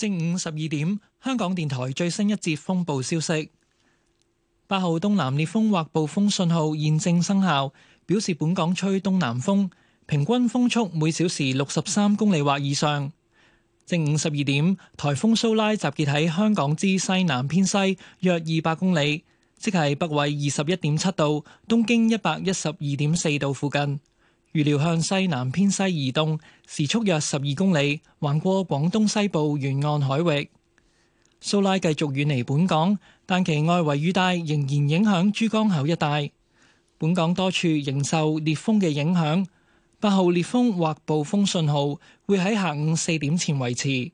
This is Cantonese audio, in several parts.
正午十二點，香港電台最新一節風暴消息：八號東南烈風或暴風信號現正生效，表示本港吹東南風，平均風速每小時六十三公里或以上。正午十二點，颱風蘇拉集結喺香港之西南偏西約二百公里，即係北緯二十一點七度、東經一百一十二點四度附近。預料向西南偏西移動，時速約十二公里，橫過廣東西部沿岸海域。蘇拉繼續遠離本港，但其外圍雨帶仍然影響珠江口一帶。本港多處仍受烈風嘅影響，八號烈風或暴風信號會喺下午四點前維持。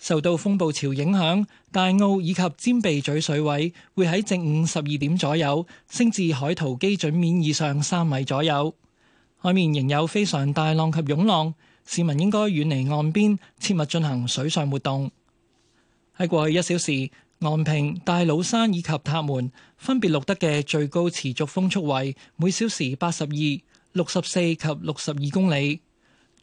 受到風暴潮影響，大澳以及尖鼻咀水位會喺正午十二點左右升至海圖基準面以上三米左右。海面仍有非常大浪及湧浪，市民應該遠離岸邊，切勿進行水上活動。喺過去一小時，岸平、大老山以及塔門分別錄得嘅最高持續風速為每小時八十二、六十四及六十二公里，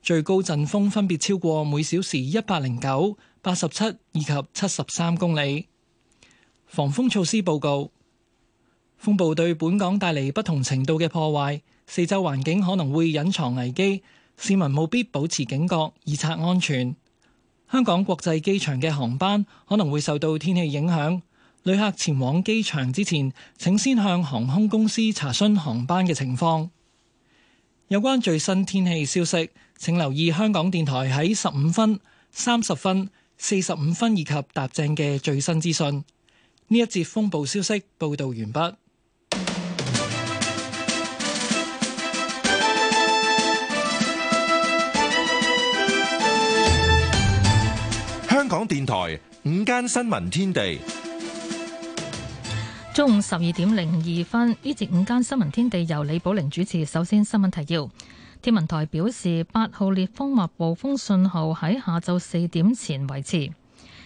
最高陣風分別超過每小時一百零九、八十七以及七十三公里。防風措施報告：風暴對本港帶嚟不同程度嘅破壞。四周環境可能會隱藏危機，市民務必保持警覺，以策安全。香港國際機場嘅航班可能會受到天氣影響，旅客前往機場之前請先向航空公司查詢航班嘅情況。有關最新天氣消息，請留意香港電台喺十五分、三十分、四十五分以及踏正嘅最新資訊。呢一節風暴消息報導完畢。香港電台午間新聞天地，中午十二點零二分，呢節午間新聞天地由李寶玲主持。首先新聞提要：天文台表示八號烈風或暴風信號喺下晝四點前維持。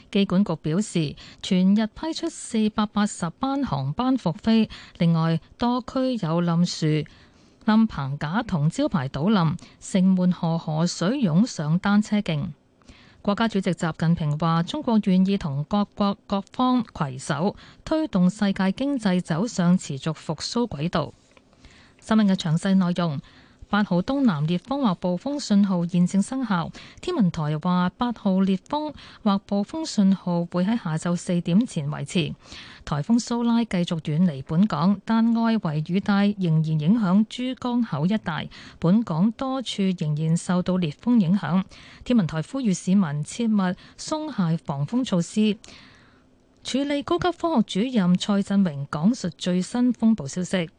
機管局表示，全日批出四百八十班航班復飛。另外，多區有冧樹、冧棚架同招牌倒冧，城門河河水湧上單車徑。國家主席習近平話：中國願意同各國各方攜手推動世界經濟走上持續復甦軌道。新聞嘅詳細內容。八號東南烈風或暴風信號現正生效，天文台話八號烈風或暴風信號會喺下晝四點前維持。颱風蘇拉繼續遠離本港，但外圍雨帶仍然影響珠江口一帶，本港多處仍然受到烈風影響。天文台呼籲市民切勿鬆懈防風措施。署理高級科學主任蔡振榮講述最新風暴消息。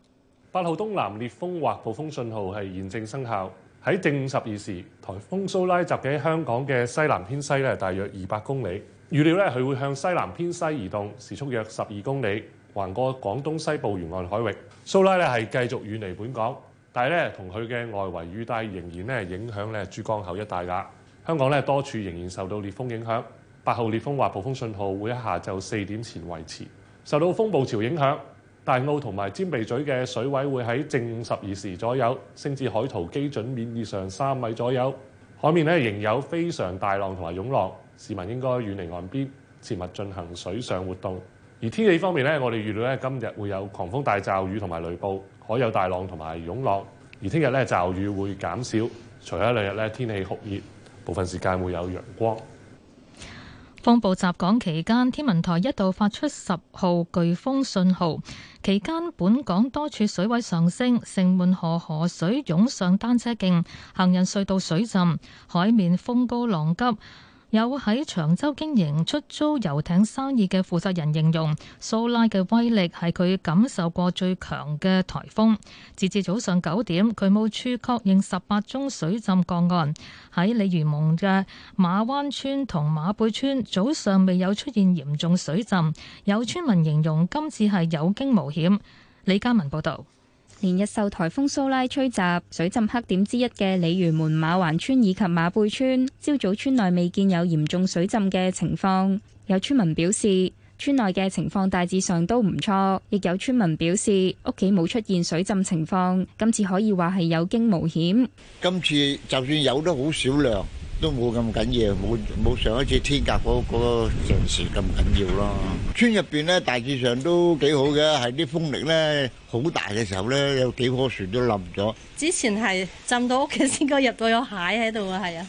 八號東南烈風或暴風信號係現正生效。喺正午十二時，颱風蘇拉集結喺香港嘅西南偏西咧，大約二百公里。預料咧，佢會向西南偏西移動，時速約十二公里，橫過廣東西部沿岸海域。蘇拉咧係繼續遠離本港，但係咧同佢嘅外圍雨帶仍然咧影響咧珠江口一帶噶。香港咧多處仍然受到烈風影響，八號烈風或暴風信號會喺下晝四點前維持。受到風暴潮影響，大澳同埋尖鼻咀嘅水位會喺正十二時左右升至海圖基準面以上三米左右，海面咧仍有非常大浪同埋湧浪，市民應該遠離岸邊，切勿進行水上活動。而天氣方面咧，我哋預料咧今日會有狂風大驟雨同埋雷暴，海有大浪同埋湧浪。而聽日咧，驟雨會減少，除開兩日咧，天氣酷熱，部分時間會有陽光。風暴襲港期間，天文台一度發出十號颶風信號。期間，本港多處水位上升，城門河河水湧上單車徑，行人隧道水浸，海面風高浪急。有喺長洲經營出租遊艇生意嘅負責人形容，蘇拉嘅威力係佢感受過最強嘅颱風。截至早上九點，渠務處確認十八宗水浸個案。喺鯉魚門嘅馬灣村同馬背村，早上未有出現嚴重水浸。有村民形容今次係有驚無險。李嘉文報道。連日受颱風蘇拉吹襲，水浸黑點之一嘅鯉魚門馬環村以及馬背村，朝早村內未見有嚴重水浸嘅情況。有村民表示，村內嘅情況大致上都唔錯。亦有村民表示，屋企冇出現水浸情況。今次可以話係有驚無險。今次就算有都好少量。都冇咁緊要，冇冇上一次天格嗰嗰陣時咁緊要咯。村入邊咧大致上都幾好嘅，係啲風力咧好大嘅時候咧，有幾棵樹都冧咗。之前係浸到屋企先，個入到有蟹喺度啊，係啊，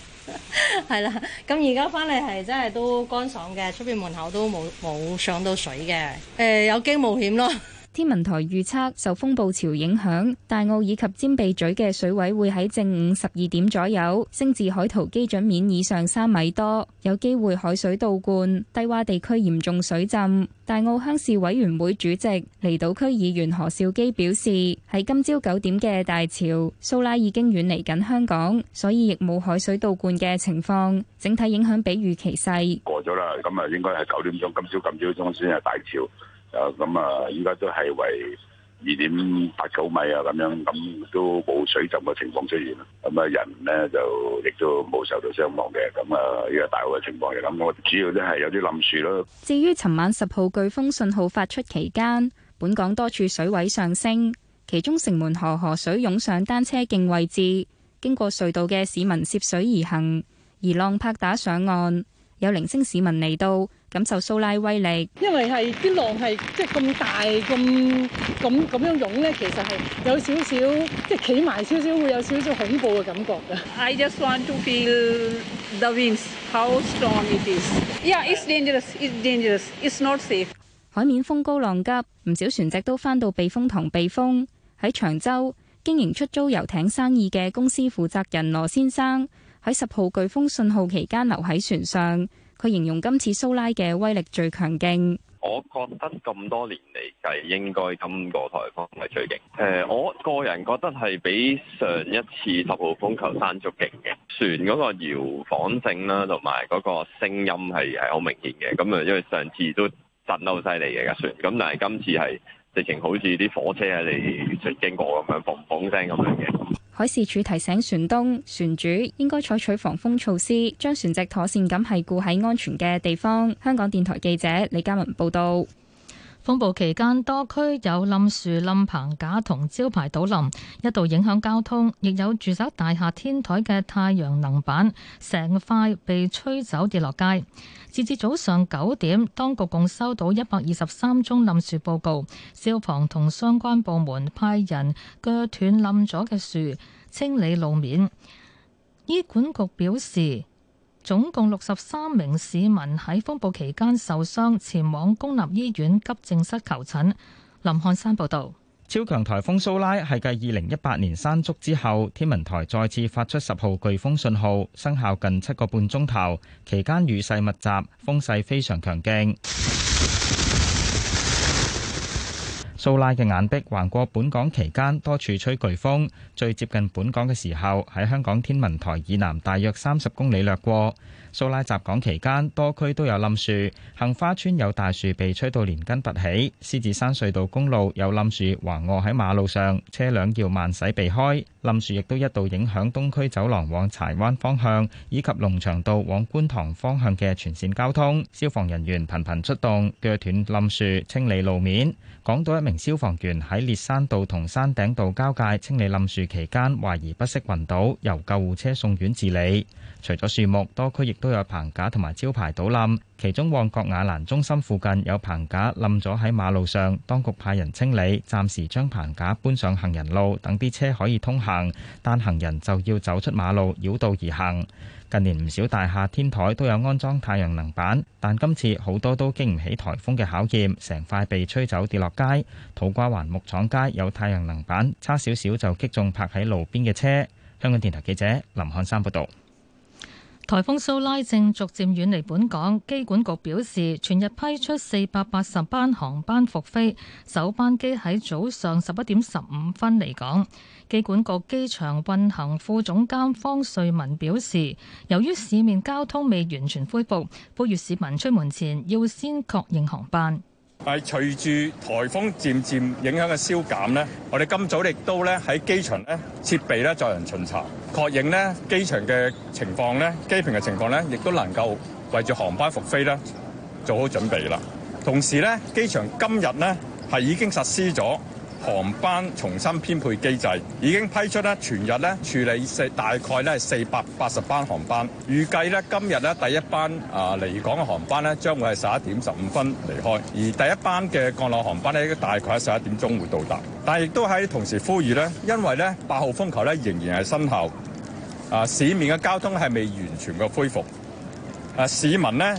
係 啦。咁而家翻嚟係真係都乾爽嘅，出邊門口都冇冇上到水嘅。誒、呃、有驚無險咯。天文台預測，受風暴潮影響，大澳以及尖鼻咀嘅水位會喺正午十二點左右升至海圖基準面以上三米多，有機會海水倒灌，低洼地區嚴重水浸。大澳鄉事委員會主席、離島區議員何兆基表示，喺今朝九點嘅大潮，蘇拉已經遠離緊香港，所以亦冇海水倒灌嘅情況，整體影響比預期細。過咗啦，咁啊，應該係九點鐘，今朝、今朝中先係大潮。啊，咁啊，依家都係為二點八九米啊，咁樣咁都冇水浸嘅情況出現，咁啊人咧就亦都冇受到傷亡嘅，咁啊呢個大霧嘅情況，咁我主要都係有啲冧樹咯。至於尋晚十號颶風信號發出期間，本港多處水位上升，其中城門河河水湧上單車徑位置，經過隧道嘅市民涉水而行，而浪拍打上岸，有零星市民嚟到。感受蘇拉威力，因為係啲浪係即係咁大咁咁咁樣湧咧，其實係有少少即係企埋少少會有少少恐怖嘅感覺。I just want to feel the wind, how strong it is. Yeah, it's dangerous. It's dangerous. It's not safe. 海面風高浪急，唔少船隻都返到避風塘避風。喺長洲經營出租遊艇生意嘅公司負責人羅先生喺十號颶風信號期間留喺船上。佢形容今次蘇拉嘅威力最強勁，我覺得咁多年嚟計應該今個颱風係最勁。誒、呃，我個人覺得係比上一次十號風球山竹勁嘅，船嗰個搖晃性啦、啊，同埋嗰個聲音係係好明顯嘅。咁啊，因為上次都震得好犀利嘅架船，咁但係今次係直情好似啲火車喺你經過咁樣，砰砰聲咁樣嘅。海事處提醒船東、船主應該採取防風措施，將船隻妥善咁繫固喺安全嘅地方。香港電台記者李嘉文報道。風暴期間，多區有冧樹、冧棚架同招牌倒冧，一度影響交通，亦有住宅大廈天台嘅太陽能板成塊被吹走跌落街。截至早上九點，當局共收到一百二十三宗冧樹報告，消防同相關部門派人鋸斷冧咗嘅樹，清理路面。醫管局表示，總共六十三名市民喺風暴期間受傷，前往公立醫院急症室求診。林漢山報道：超強台風蘇拉係繼二零一八年山竹之後，天文台再次發出十號颶風信號，生效近七個半鐘頭，期間雨勢密集，風勢非常強勁。蘇拉嘅眼壁橫過本港期間，多處吹颶風。最接近本港嘅時候，喺香港天文台以南大約三十公里掠過。蘇拉襲港期間，多區都有冧樹，杏花村有大樹被吹到連根拔起，獅子山隧道公路有冧樹橫臥喺馬路上，車輛要慢駛避開。冧樹亦都一度影響東區走廊往柴灣方向，以及龍翔道往觀塘方向嘅全線交通。消防人員頻頻出動鋸斷冧樹、清理路面。港島一名消防員喺列山道同山頂道交界清理冧樹期間，懷疑不適暈倒，由救護車送院治理。除咗樹木，多區亦都有棚架同埋招牌倒冧，其中旺角雅蘭中心附近有棚架冧咗喺馬路上，當局派人清理，暫時將棚架搬上行人路，等啲車可以通行，但行人就要走出馬路繞道而行。近年唔少大廈天台都有安裝太陽能板，但今次好多都經唔起颱風嘅考驗，成塊被吹走跌落街。土瓜灣木廠街有太陽能板，差少少就擊中泊喺路邊嘅車。香港電台記者林漢山報道。颱風蘇拉正逐漸遠離本港，機管局表示，全日批出四百八十班航班復飛，首班機喺早上十一點十五分離港。機管局機場運行副總監方瑞文表示，由於市面交通未完全恢復，呼籲市民出門前要先確認航班。係隨住颱風漸漸影響嘅消減咧，我哋今早亦都咧喺機場咧設備咧作人巡查，確認咧機場嘅情況咧機坪嘅情況咧，亦都能夠為住航班復飛咧做好準備啦。同時咧，機場今日咧係已經實施咗。航班重新編配機制已經批出咧，全日咧處理四大概咧係四百八十班航班。預計咧今日咧第一班啊離、呃、港嘅航班咧將會係十一點十五分離開，而第一班嘅降落航班咧大概喺十一點鐘會到達，但係亦都喺同時呼籲咧，因為咧八號風球咧仍然係生效，啊、呃、市面嘅交通係未完全嘅恢復啊、呃、市民咧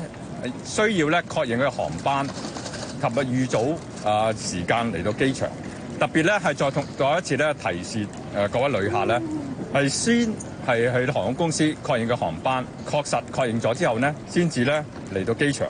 需要咧確認嘅航班及預早啊、呃、時間嚟到機場。特別咧係再同再一次咧提示誒各位旅客咧，係先係去航空公司確認嘅航班確實確認咗之後咧，先至咧嚟到機場。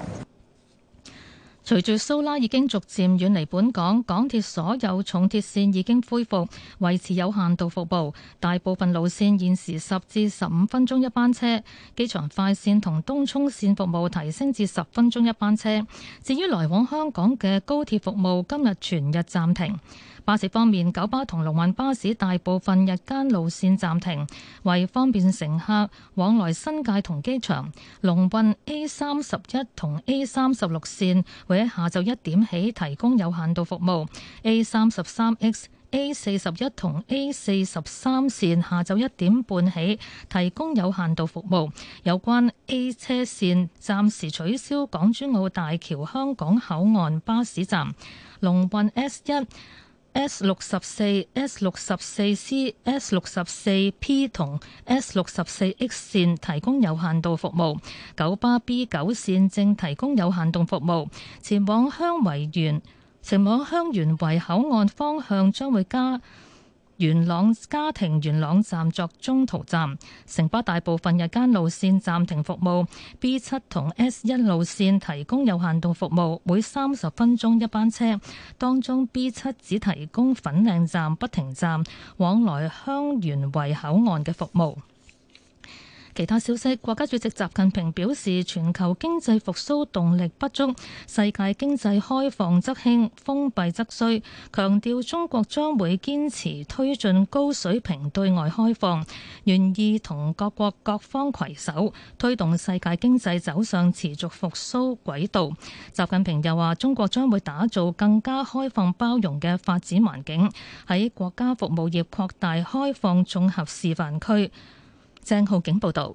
隨住蘇拉已經逐漸遠離本港，港鐵所有重鐵線已經恢復維持有限度服務，大部分路線現時十至十五分鐘一班車，機場快線同東涌線服務提升至十分鐘一班車。至於來往香港嘅高鐵服務，今日全日暫停。巴士方面，九巴同龍運巴士大部分日間路線暫停，為方便乘客往來新界同機場，龍運 A 三十一同 A 三十六線會喺下晝一點起提供有限度服務；A 三十三 X、A 四十一同 A 四十三線下晝一點半起提供有限度服務。有關 A 車線暫時取消港珠澳大橋香港口岸巴士站，龍運 S 一。S 六十四、S 六十四 C、S 六十四 P 同 S 六十四 X 線提供有限度服務，九巴 B 九線正提供有限度服務，前往香園圍、前往香園圍口岸方向將會加。元朗家庭元朗站作中途站，城巴大部分日間路線暫停服務，B 七同 S 一路線提供有限度服務，每三十分鐘一班車，當中 B 七只提供粉嶺站不停站往來香園圍口岸嘅服務。其他消息，國家主席習近平表示，全球經濟復甦動力不足，世界經濟開放則興，封閉則衰。強調中國將會堅持推進高水平對外開放，願意同各國各方攜手，推動世界經濟走上持續復甦軌道。習近平又話，中國將會打造更加開放包容嘅發展環境，喺國家服務業擴大開放綜合示範區。鄭浩景報道，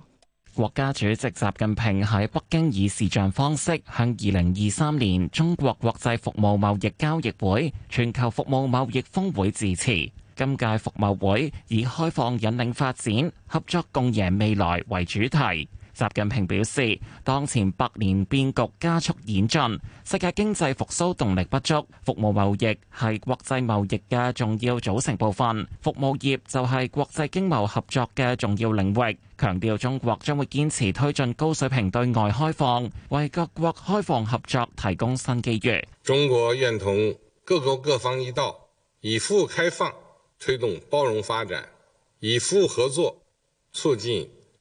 國家主席習近平喺北京以視像方式向二零二三年中國國際服務貿易交易會全球服務貿易峰會致辭。今屆服貿會以開放引領發展、合作共贏未來為主題。習近平表示，當前百年變局加速演進，世界經濟復甦動力不足，服務貿易係國際貿易嘅重要組成部分，服務業就係國際經貿合作嘅重要領域。強調中國將會堅持推進高水平對外開放，為各國開放合作提供新機遇。中國願同各國各方一道，以服務開放推動包容發展，以服務合作促進，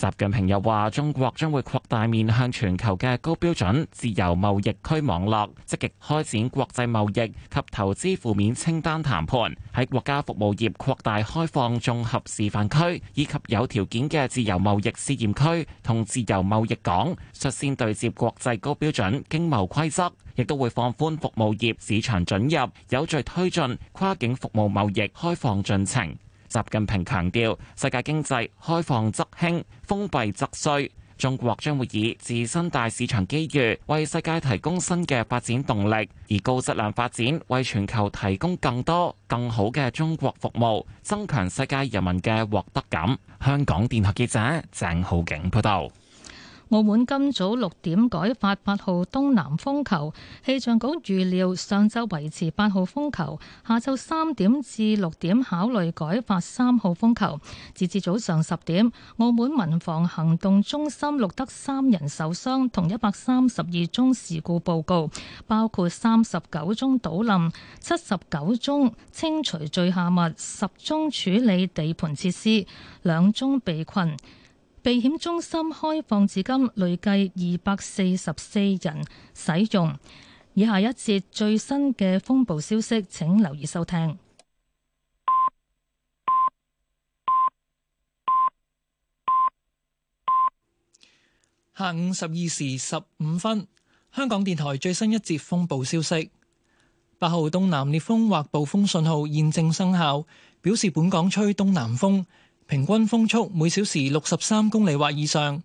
習近平又話，中國將會擴大面向全球嘅高標準自由貿易區網絡，積極開展國際貿易及投資負面清單談判，喺國家服務業擴大開放綜合示範區以及有條件嘅自由貿易試驗區同自由貿易港，率先對接國際高標準經貿規則，亦都會放寬服務業市場准入，有序推進跨境服務貿易開放進程。習近平強調，世界經濟開放則興，封閉則衰。中國將會以自身大市場機遇為世界提供新嘅發展動力，而高質量發展為全球提供更多更好嘅中國服務，增強世界人民嘅獲得感。香港電台記者鄭浩景報道。澳門今早六點改發八號東南風球，氣象局預料上晝維持八號風球，下晝三點至六點考慮改發三號風球，截至早上十點，澳門民防行動中心錄得三人受傷，同一百三十二宗事故報告，包括三十九宗倒冧、七十九宗清除墜下物、十宗處理地盤設施、兩宗被困。避險中心開放至今，累計二百四十四人使用。以下一節最新嘅風暴消息，請留意收聽。下午十二時十五分，香港電台最新一節風暴消息：八號東南烈風或暴風信號現正生效，表示本港吹東南風。平均風速每小時六十三公里或以上。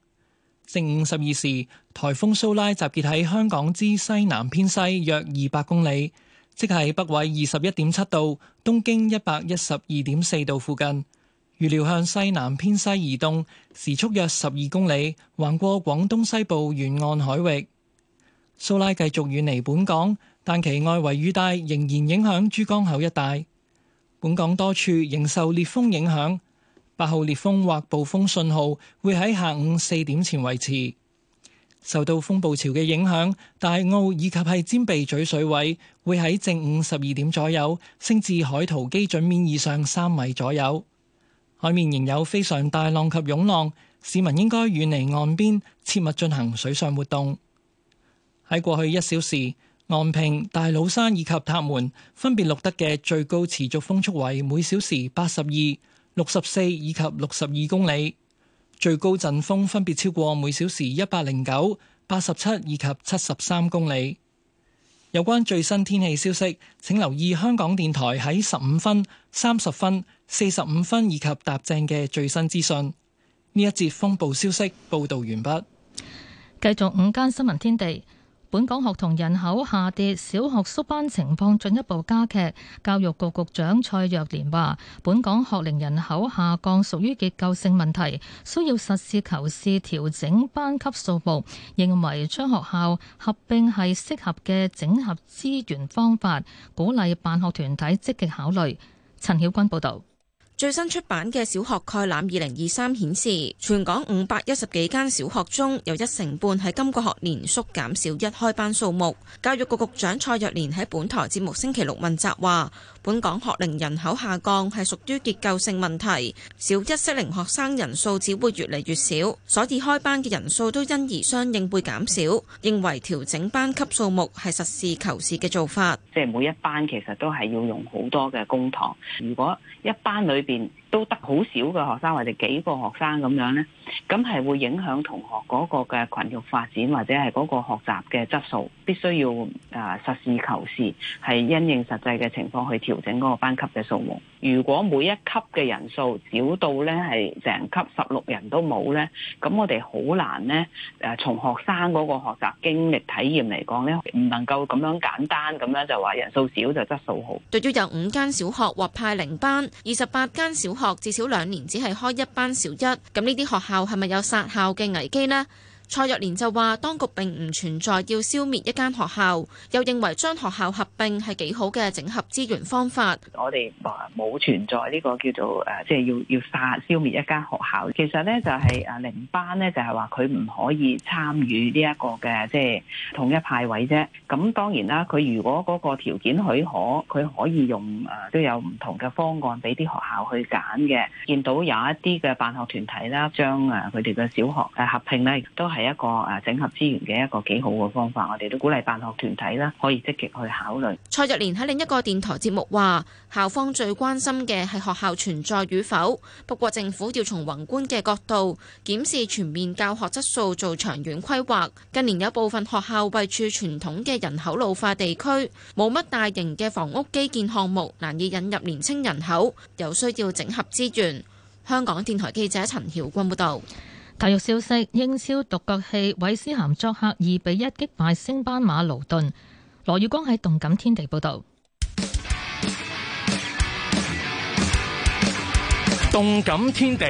正午十二時，颱風蘇拉集結喺香港之西南偏西約二百公里，即係北緯二十一點七度，東經一百一十二點四度附近。預料向西南偏西移動，時速約十二公里，橫過廣東西部沿岸海域。蘇拉繼續遠離本港，但其外圍雨帶仍然影響珠江口一帶。本港多處仍受烈風影響。八號烈風或暴風信號會喺下午四點前維持。受到風暴潮嘅影響，大澳以及係尖鼻咀水位會喺正午十二點左右升至海圖基準面以上三米左右。海面仍有非常大浪及湧浪，市民應該遠離岸邊，切勿進行水上活動。喺過去一小時，岸平、大老山以及塔門分別錄得嘅最高持續風速為每小時八十二。六十四以及六十二公里，最高陣風分別超過每小時一百零九、八十七以及七十三公里。有關最新天氣消息，請留意香港電台喺十五分、三十分、四十五分以及踏正嘅最新資訊。呢一節風暴消息報道完畢，繼續午間新聞天地。本港學童人口下跌，小學縮班情況進一步加劇。教育局局長蔡若蓮話，本港學齡人口下降屬於結構性問題，需要實事求是調整班級數目。認為將學校合併係適合嘅整合資源方法，鼓勵辦學團體積極考慮。陳曉君報道。最新出版嘅《小學概覽》（二零二三顯示，全港五百一十幾間小學中，有一成半喺今個學年縮減少一開班數目。教育局局長蔡若蓮喺本台節目《星期六問雜》話。本港學齡人口下降係屬於結構性問題，小一適齡學生人數只會越嚟越少，所以開班嘅人數都因而相應會減少。認為調整班級數目係實事求是嘅做法。即係每一班其實都係要用好多嘅公帑，如果一班裏邊都得好少嘅學生或者幾個學生咁樣咧，咁係會影響同學嗰個嘅群育發展或者係嗰個學習嘅質素。必須要誒實事求是，係因應實際嘅情況去調整嗰個班級嘅數目。如果每一級嘅人數少到咧係成級十六人都冇咧，咁我哋好難咧誒從學生嗰個學習經歷體驗嚟講咧，唔能夠咁樣簡單，咁樣就話人數少就質素好。對於有五間小學獲派零班，二十八間小學。至少兩年只係開一班小一，咁呢啲學校係咪有殺校嘅危機呢？蔡若蓮就話當局並唔存在要消滅一間學校，又認為將學校合併係幾好嘅整合資源方法。我哋冇存在呢個叫做誒，即係要要殺消滅一間學校。其實呢，就係啊零班呢，就係話佢唔可以參與呢一個嘅即係統一派位啫。咁當然啦，佢如果嗰個條件許可，佢可以用誒都有唔同嘅方案俾啲學校去揀嘅。見到有一啲嘅辦學團體啦，將啊佢哋嘅小學誒合併呢亦都係。係一個誒整合資源嘅一個幾好嘅方法，我哋都鼓勵辦學團體啦，可以積極去考慮。蔡若蓮喺另一個電台節目話：校方最關心嘅係學校存在與否，不過政府要從宏觀嘅角度檢視全面教學質素，做長遠規劃。近年有部分學校位處傳統嘅人口老化地區，冇乜大型嘅房屋基建項目，難以引入年輕人口，又需要整合資源。香港電台記者陳曉君報導。體育消息：英超獨腳戲，韋斯咸作客二比一擊敗升班馬勞頓。羅宇光喺動感天地報道。動感天地，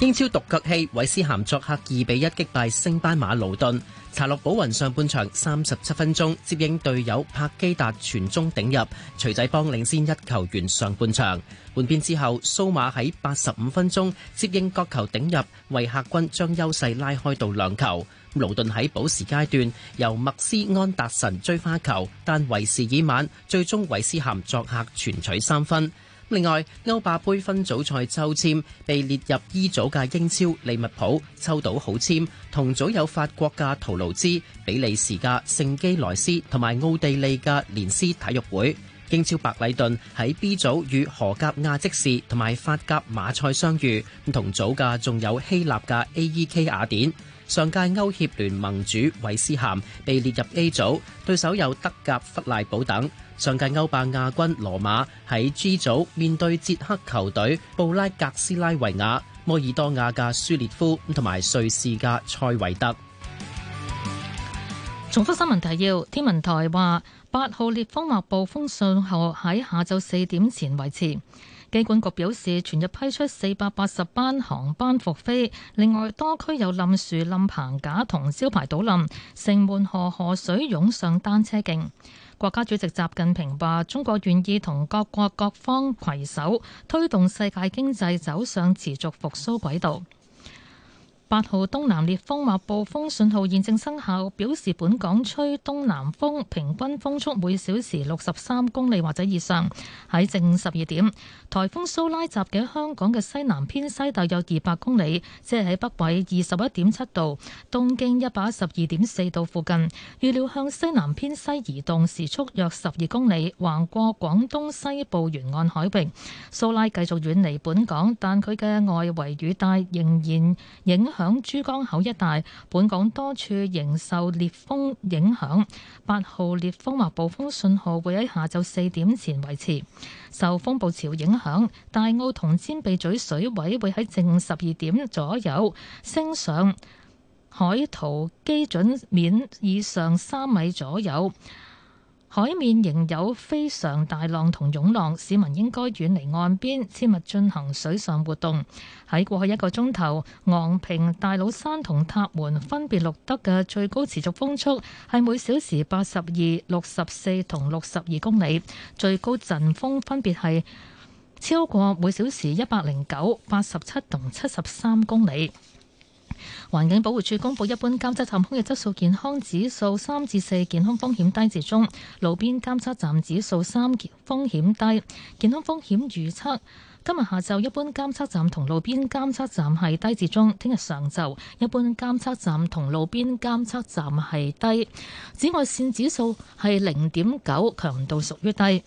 英超獨腳戲，韋斯咸作客二比一擊敗升班馬勞頓。查洛保雲上半場三十七分鐘接應隊友柏基達傳中頂入，徐仔邦領先一球完上半場。換邊之後，蘇馬喺八十五分鐘接應角球頂入，為客軍將優勢拉開到兩球。勞頓喺補時階段由麥斯安達臣追花球，但為時已晚，最終韋斯咸作客全取三分。另外，歐霸杯分組賽抽籤，被列入 E 組嘅英超利物浦抽到好籤，同組有法國嘅圖盧茲、比利時嘅聖基萊斯同埋奧地利嘅連斯體育會。英超白禮頓喺 B 組與荷甲亞即士同埋法甲馬賽相遇，同組嘅仲有希臘嘅 AEK 雅典。上屆歐協聯盟主韋斯咸被列入 A 組，對手有德甲弗賴堡等。上屆歐霸亞軍羅馬喺 G 組面對捷克球隊布拉格斯拉維亞、摩爾多亞嘅舒列夫，同埋瑞士嘅塞維特。重複新聞提要：天文台話八號烈風或暴風信號喺下晝四點前維持。機管局表示，全日批出四百八十班航班復飛。另外，多區有冧樹、冧棚架、同招牌倒冧，城門河河水湧上單車徑。國家主席習近平話：中國願意同各國各方攜手，推動世界經濟走上持續復甦軌道。八號東南烈風或暴風信號現正生效，表示本港吹東南風，平均風速每小時六十三公里或者以上。喺正午十二點，颱風蘇拉襲擊香港嘅西南偏西大約二百公里，即係喺北緯二十一點七度、東經一百十二點四度附近。預料向西南偏西移動，時速約十二公里，橫過廣東西部沿岸海域。蘇拉繼續遠離本港，但佢嘅外圍雨帶仍然影響。響珠江口一帶，本港多處仍受烈風影響。八號烈風或暴風信號會喺下晝四點前維持。受風暴潮影響，大澳同尖鼻咀水位會喺正十二點左右升上海圖基準面以上三米左右。海面仍有非常大浪同湧浪，市民應該遠離岸邊，切勿進行水上活動。喺過去一個鐘頭，昂坪、大老山同塔門分別錄得嘅最高持續風速係每小時八十二、六十四同六十二公里，最高陣風分別係超過每小時一百零九、八十七同七十三公里。環境保護署公布，一般監測站空氣質素健康指數三至四，健康風險低至中；路邊監測站指數三，風險低，健康風險預測，今日下晝一般監測站同路邊監測站係低至中，聽日上晝一般監測站同路邊監測站係低，紫外線指數係零點九，強度屬於低。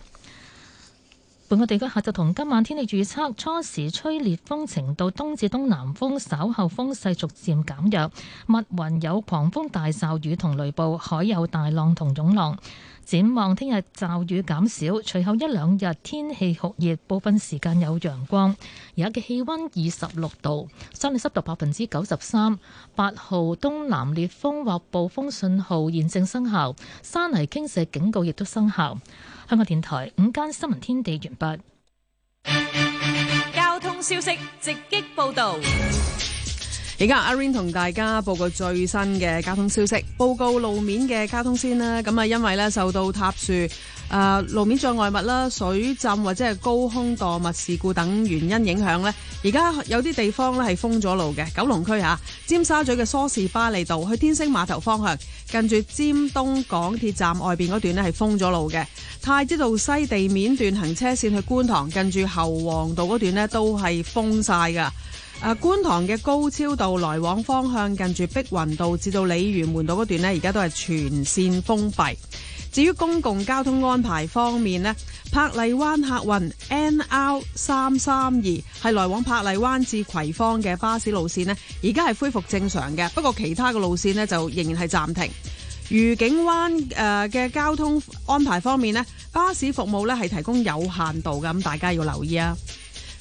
我哋嘅下晝同今晚天氣預測，初時吹烈風程度，東至東南風，稍後風勢逐漸減弱，密雲有狂風大驟雨同雷暴，海有大浪同湧浪。展望聽日驟雨減少，隨後一兩日天氣酷熱，部分時間有陽光。而家嘅氣溫二十六度，相對濕度百分之九十三。八號東南烈風或暴風信號現正生效，山泥傾瀉警告亦都生效。香港電台午間新聞天地完畢。交通消息直擊報道。而家阿 Rain 同大家報告最新嘅交通消息。報告路面嘅交通先啦。咁啊，因為咧受到塌樹、誒、呃、路面障礙物啦、水浸或者係高空墮物事故等原因影響咧，而家有啲地方咧係封咗路嘅。九龍區啊，尖沙咀嘅梳士巴利道去天星碼頭方向，近住尖東港鐵站外邊嗰段咧係封咗路嘅。太子道西地面段行車線去觀塘近住侯王道嗰段呢都係封晒噶。啊，觀塘嘅高超道來往方向近住碧雲道至到鯉魚門道嗰段咧，而家都係全線封閉。至於公共交通安排方面咧，柏麗灣客運 N R 三三二係來往柏麗灣至葵芳嘅巴士路線咧，而家係恢復正常嘅。不過其他嘅路線咧就仍然係暫停。愉景灣誒嘅、呃、交通安排方面咧，巴士服務咧係提供有限度嘅，咁大家要留意啊。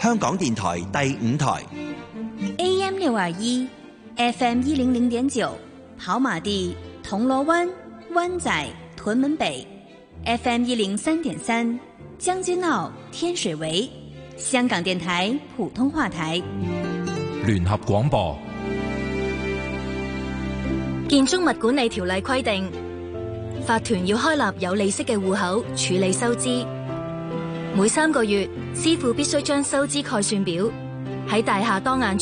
香港電台第五台，AM 六二一，FM 一零零點九，跑馬地、銅鑼灣、灣仔、屯門北，FM 一零三點三，將軍澳、天水圍。香港電台普通話台，聯合廣播。建築物管理條例規定，法團要開立有利息嘅戶口處理收支。每三個月，師傅必須將收支概算表喺大廈當眼。